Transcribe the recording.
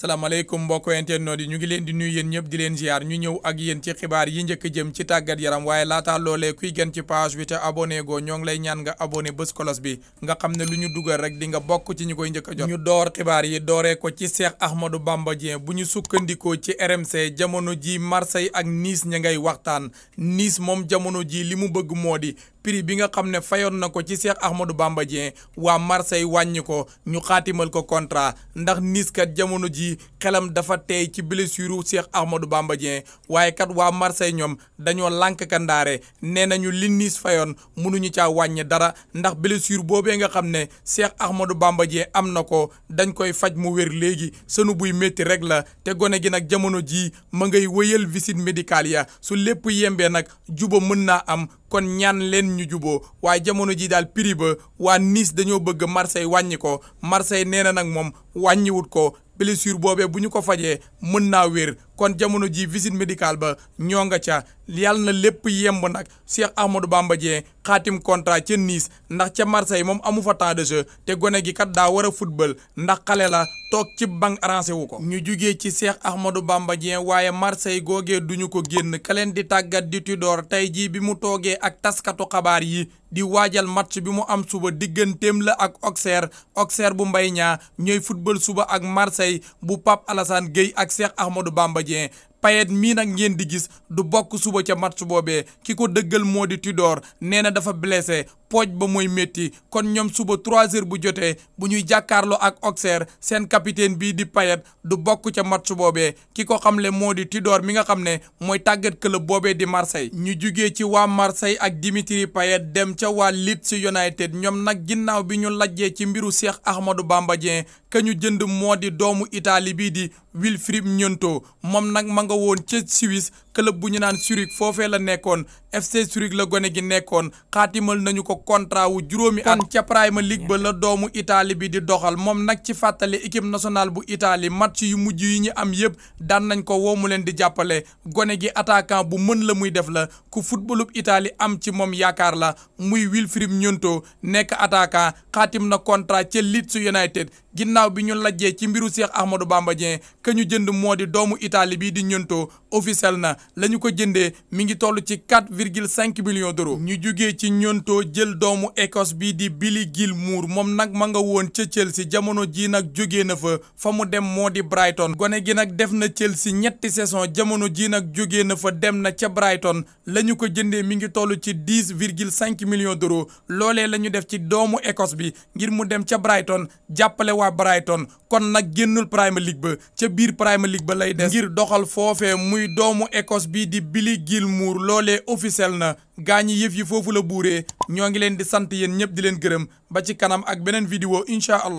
salaamaaleykum mbokk internautes yi ñu ngi leen di nuyu yéen ñëpp di leen ziar ñu ñëw ak yéen ci xibaar yi njëkk jëm ci tàggat yaram waaye laata loolee kuy gën ci page bi te abone goo ñoo ngi lay ñaan nga abonné bés kolos bi nga xam ne lu ñu dugal rek di nga bokk ci ñu koy njëkk a jot ñu door xibaar yi dooree ko ci Cheikh Ahmadou Bamba Dieng bu ñu sukkandikoo ci RMC jamono ji Marseille ak niis ña ngay waxtaan niis moom jamono ji li mu bëgg moo di prix bi nga xam ne fayoon na ko ci Cheikh Ahmadou Bamba Dieng waa Marseille wàññi ko ñu xaatimal ko contrat ndax Nice kat jamono ji xelam dafa teey ci blessure Cheikh Ahmadou Bamba Dieng waaye kat waa Marseille ñoom dañoo lànk kandaare nee nañu li Nice fayoon mënuñu caa wàññi dara ndax blessure boobee nga xam ne Cheikh Ahmadou Bamba Dieng am na ko dañ koy faj mu wér léegi sënu buy métti rek la te gone gi nag jamono jii ma ngay wëyal visite médical ya su lépp yembee nag juba kon ñaan leen ñu juboo waaye jamono ji daal prix ba waa Nice dañoo bëgg Marseille wàññi ko Marseille nee na nag moom wàññiwut ko blessure boobee bu ñu ko fajee mën naa wér kon jamono ji visite médical ba ñoo nga ca yàlla na lépp yemb nag Cheikh Ahmadou Bamba Dieng xaatim contrat ca Nice ndax ca Marseille moom amu fa temps de te gone gi kat daa war a football ndax xale la toog ci banc arrangé wu ko. ñu jugee ci Cheikh Ahmadou Bamba Dieng waaye Marseille googee duñu ko génn ka di tàggat di Tudor tey jii bi mu toogee ak taskatu xabaar yi di waajal match bi mu am suba digganteem la ak Auxerre Auxerre bu mbay ñaa ñooy football suba ak Marseille bu Pape Alassane Gueye ak Cheikh Ahmadou Dieng payet mii nag ngeen di gis du bokk suba ca match boobee ki ko dëggal moo di Tudor nee na dafa blessé pooj ba mooy métti kon ñoom suba trois heures bu jotee bu ñuy jàkkaarloo ak Auxerre seen capitaine bii di Payet du bokk ca match boobee ki ko xamle moo di Tudor mi nga xam ne mooy tàggat club boobee di Marseille ñu jugee ci waa Marseille ak Dimitri Payet dem ca waa Leeds United ñoom nag ginnaaw bi ñu lajjee ci mbiru Cheikh Ahmadou Bamba Dieng ka ñu jënd moo di doomu Italie bii di Wilfried Gnonto moom nga woon ca Suisse club bu ñu naan Zurich foofee la nekkoon FC Zurich la gone gi nekkoon xaatimal nañu ko contrat wu juróomi at ca Premier League ba la doomu itali bi di doxal moom nag ci fàttali équipe national bu itali match yu mujj yi ñu am yëpp daan nañ ko woo mu leen di jàppale gone gi attaquant bu mën la muy def la ku footballub itali am ci moom yaakaar la muy will Wilfried Gnonto nekk attaquant xaatim na contrat ca Leeds United ginnaaw bi ñu lajjee ci mbiru Cheikh Ahmadou Bamba Dieng que ñu jënd moo di doomu Italie bii di ñëntoo officiel na la ñu ko jëndee mi ngi toll ci 4,5 millions d'euros ñu jugee ci ñëntoo jël doomu Écosse bii di Billy Gilmour moom nag ma nga woon ca Chelsea jamono jii nag jógee na fa fa mu dem moo di Brighton gone gi nag def na Chelsea ñetti saison jamono jii nag jógee na fa dem na ca Brighton la ñu ko jëndee mi ngi toll ci 10,5 millions d'euros loolee la ñu def ci doomu Écosse bi ngir mu dem ca Brighton jàppale waa waa Brighton kon nag génnul Premier League ba ca biir Premier League ba lay des ngir doxal foofee muy doomu Écosse bi di Billy Gilmour loole officiel na gaa ñi yëf yi foofu la buure ñoo ngi leen di sant yéen ñëpp di leen gërëm ba ci kanam ak beneen vidéo incha allah